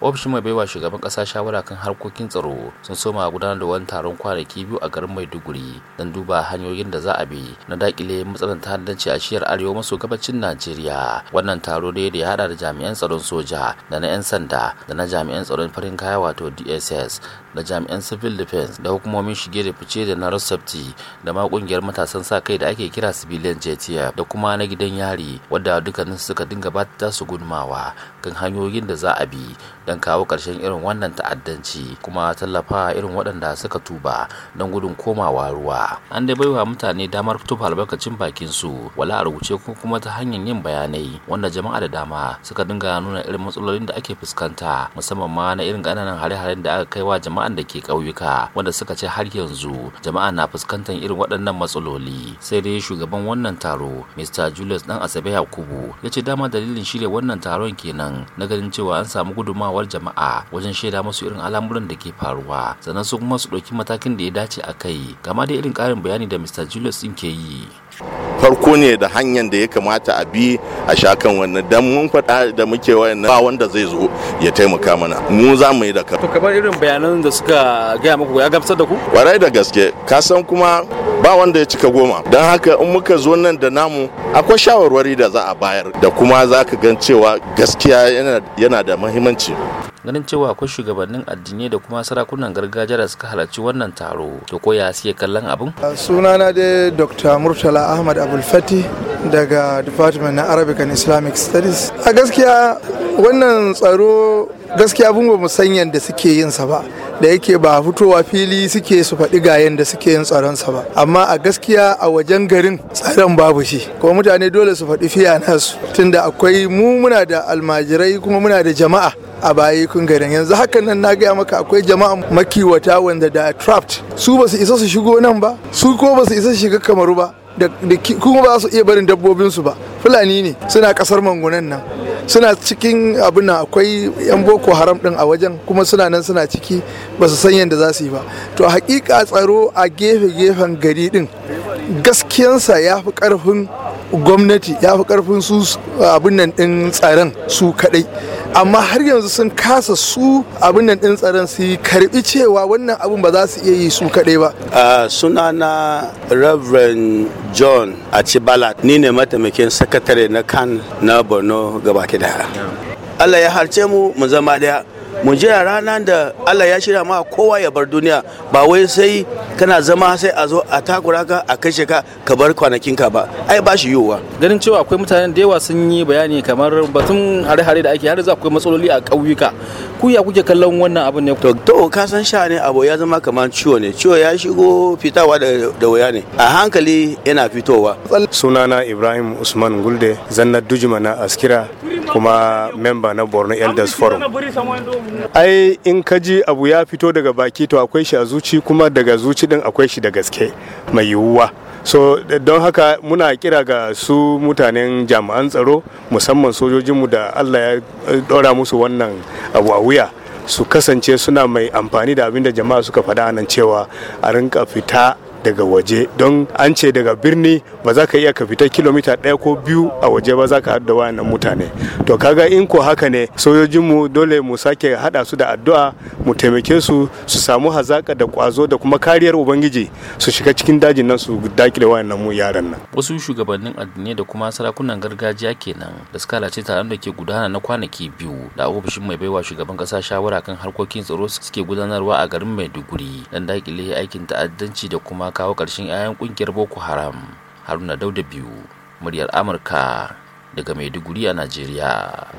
ofishin mai baiwa shugaban kasa shawara kan harkokin tsaro sun soma gudanar da wani taron kwanaki biyu a garin maiduguri don duba hanyoyin da za a bi na dakile matsalar ta'addanci a shiyar arewa maso gabacin najeriya wannan taro ne da ya hada da jami'an tsaron soja da na 'yan sanda da na jami'an tsaron farin kaya wato dss da jami'an civil defense da hukumomin shige da fice da na rossafti da ma kungiyar matasan sa kai da ake kira civilian jtf da kuma na gidan yari wadda dukkanin suka dinga ba ta su gudumawa kan hanyoyin da za a bi don kawo ƙarshen irin wannan ta'addanci kuma tallafa irin waɗanda suka tuba don gudun komawa ruwa an dai baiwa mutane damar fito albarkacin bakin su wala a rubuce ko kuma ta hanyar yin bayanai wanda jama'a da dama suka dinga nuna irin matsalolin da ake fuskanta musamman ma na irin ƙananan hare-haren da aka kai wa jama'an da ke ƙauyuka wanda suka ce har yanzu jama'a na fuskantar irin waɗannan matsaloli sai dai shugaban wannan taro mr julius dan asabe yakubu ya ce dama dalilin shirya wannan taron kenan na ganin cewa an samu gudunmawa kulawar jama'a wajen shaida musu irin al'amuran da ke faruwa sannan su kuma su ɗauki matakin da ya dace a kai kama da irin ƙarin bayani da mr julius ɗin ke yi farko ne da hanyar da ya kamata a bi a sha kan wannan dan mun faɗa da muke wayannan ba wanda zai zo ya taimaka mana mu za mu yi da to kamar irin bayanan da suka gaya muku ya gamsar da ku warai da gaske ka san kuma ba wanda ya cika goma don haka in muka zo nan da namu akwai shawarwari da za a bayar da kuma za ka gan cewa gaskiya yana da mahimmanci ganin cewa akwai shugabannin addini da kuma sarakunan gargajiya suka halarci wannan taro to ko ya siya kallon abin sunana dai dr murtala ahmad abulfati daga department na arabic and islamic studies a gaskiya wannan tsaro gaskiya abin ba mu san yadda suke yin sa ba da yake ba fitowa fili suke su faɗi ga yadda suke yin tsaron sa ba amma a gaskiya a wajen garin tsaron babu shi kuma mutane dole su faɗi fiya nasu tunda akwai mu muna da almajirai kuma muna da jama'a a baya kun yanzu hakan nan na gaya maka akwai jama'a makiwata wanda da trapped su ba su isa su shigo nan ba su ko ba su isa su shiga kamaru ba da kuma ba su iya barin su ba fulani ne suna kasar mangunan nan suna cikin abin akwai yan boko haram din a wajen kuma suna nan suna ciki ba su san yadda za su yi ba to a hakika tsaro a gefe-gefen gari din gaskiyansa ya fi karfin gwamnati ya fi karfin su abin nan din tsaron su kadai amma har yanzu sun kasa su abin nan din tsaron su karbi cewa wannan abin ba za su iya yi su kaɗai ba Suna na reverend john achibala ni ne mataimakin sakatare na kan na borno gabaki daya allah ya harce mu mu zama daya mu jira rana da Allah ya shirya ma kowa ya bar duniya ba wai sai kana zama sai a zo a takura ka a kashe ka ka bar ka ba ai ba shi yiwuwa ganin cewa akwai mutanen da yawa sun yi bayani kamar batun hare-hare da ake har za akwai matsaloli a ƙauyuka ku ya kuke kallon wannan abin ne to to ka san sha ne abu ya zama kamar ciwo ne ciwo ya shigo fitawa da waya ne a hankali yana fitowa sunana Ibrahim Usman Gulde zannar dujuma na askira kuma memba na borno elders forum ai in ka ji abu ya fito daga baki to akwai shi a zuci kuma daga zuci din akwai shi da gaske mai yiwuwa so don haka muna kira ga su mutanen jami'an tsaro musamman sojojinmu da allah ya dora eh, musu wannan abu a wuya su kasance suna mai amfani da abin da jama'a suka faɗa nan cewa a rinka fita daga waje don an ce daga birni ba za ka iya ka fita kilomita ɗaya ko biyu a waje ba za ka haɗa wayannan mutane to kaga in ko haka ne sojojinmu dole mu sake haɗa su da addu'a mu taimake su su samu hazaka da ƙwazo da kuma kariyar ubangiji su shiga cikin dajin nan su dakile wayannan mu yaran nan wasu shugabannin addinai da kuma sarakunan gargajiya kenan da suka halarci taron da ke gudana na kwanaki biyu da ofishin mai baiwa shugaban ƙasa shawara kan harkokin tsaro suke gudanarwa a garin maiduguri dan dakile aikin ta'addanci da kuma kawo ƙarshen 'ya'yan ƙungiyar boko haram haruna dauda biyu muryar amurka daga maiduguri a najeriya